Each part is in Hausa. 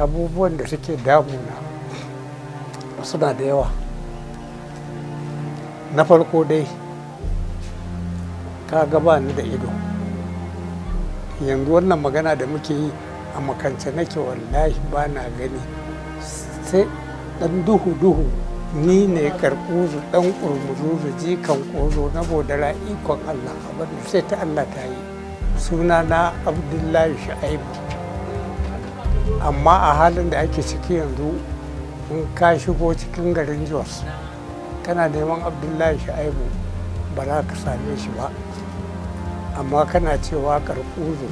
abubuwan da suke damuna suna da yawa na farko dai ka gaba ni da ido yanzu wannan magana da muke yi a makance nake wallahi ba na gani sai dan duhu-duhu ni ne karkuzu dan ji jikan ƙozo na bodara ikon allah abin sai ta allah ta yi suna na abdullahi sha'aibu amma a halin da ake ciki yanzu in ka shigo cikin garin jos kana neman abdullahi sha'ibu ba za ka same shi ba amma kana cewa karkuzo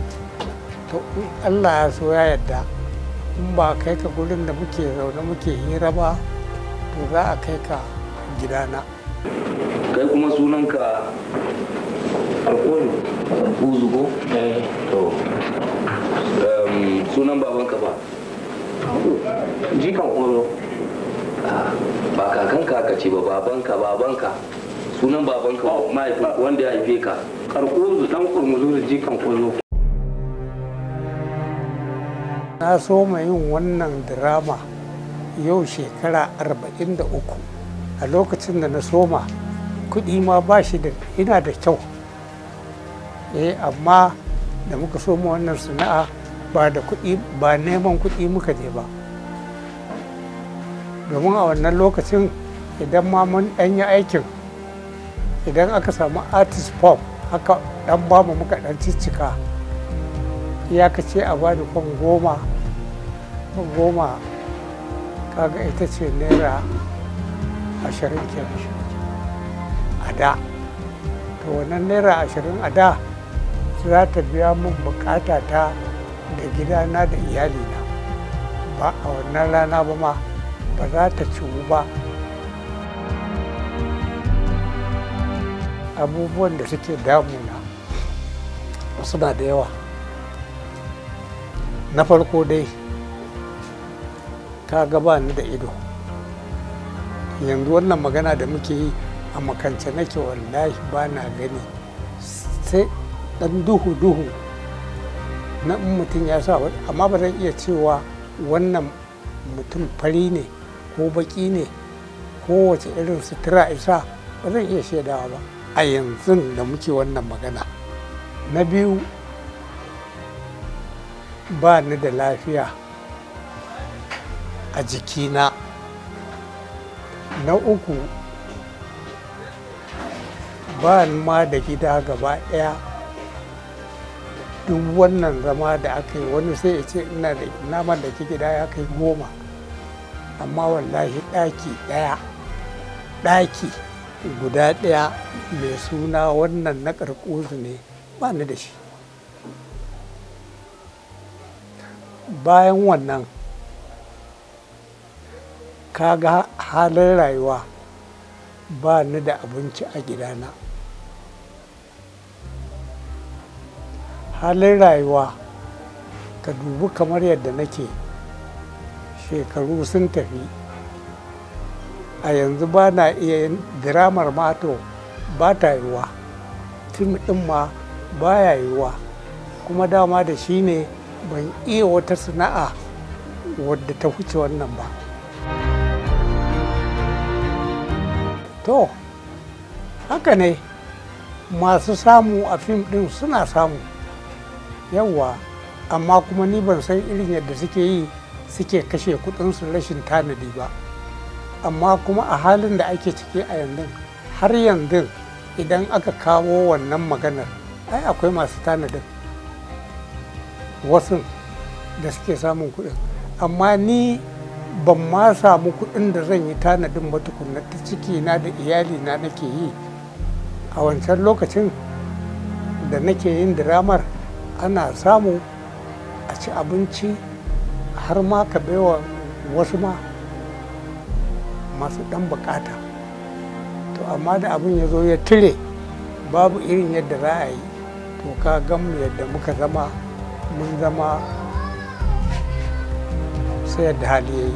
to allah ya so ya yadda in ba kai ka gurin da muke zaune muke hira ba to za a kai ka gidana kai kuma sunanka karkuzo ko? Eh. to sunan babanka ba jikan oro ah, ba kakanka ka ce ba babanka babanka sunan babanka mahaifin wanda ya haife ka karko dan kurmuzu jikan oro na so yin wannan drama yau shekara 43 a lokacin da na soma kuɗi ma ba shi da ina da kyau eh amma da muka soma wannan sana'a ba da kuɗi ba neman kuɗi muka je ba domin a wannan lokacin idan ma mun ɗan yi aikin idan aka samu artist form haka ɗan bamu muka ɗan ciccika iyakace a da kwan goma goma kaga ita ce naira ashirin kenan a da to wannan naira ashirin a da za ta biya mun bukata ta da gidana da iyalina ba a wannan rana ba ma ba za ta ciwu ba abubuwan da suke damuna suna da yawa na farko dai ka gaba ni da ido yanzu wannan magana da muke yi a makance nake wallahi ba na gani sai ɗan duhu-duhu na mutum ya sa amma ba zan iya cewa wannan mutum fari ne ko baki ne ko wace irin sutura isa ba zan iya shaidawa ba a yanzu da muke wannan magana na biyu ba ni da lafiya a jikina na uku ba ni ma da gida gaba ɗaya duk wannan zama da aka yi wani sai ya ce ina da naman da ke gida ya kai goma amma wallahi ɗaki ɗaya ɗaki guda ɗaya mai suna wannan na ƙarƙozu ne ba ni da shi bayan wannan kaga halin rayuwa ba ni da abinci a gidana. halin rayuwa ka dubi kamar yadda nake shekaru sun tafi a yanzu ba na iya diramar mato ba ta yiwa fim ɗin ma ba ya yiwa kuma dama da shi ne ban iya wata sana'a wadda ta wuce wannan ba to haka ne masu samu a fim ɗin suna samu yawwa amma kuma ni ban san irin yadda suke yi suke kashe su rashin tanadi ba amma kuma a halin da ake ciki a yanzu har yanzu idan aka kawo wannan maganar ai akwai masu tanadin wasu da suke samun kudin amma ni ban ma samu kudin da zan yi tanadin ba tukunna ta ciki na da iyali na nake yi a wancan lokacin da nake yin diramar ana samu a ci abinci har ma ka baiwa wasu ma masu ɗan bukata to amma da abin ya zo ya tire babu irin yadda za a yi to ka gamu yadda muka zama mun zama sai yadda hali ya yi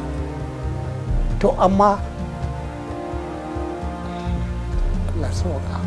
to amma Allah sauka.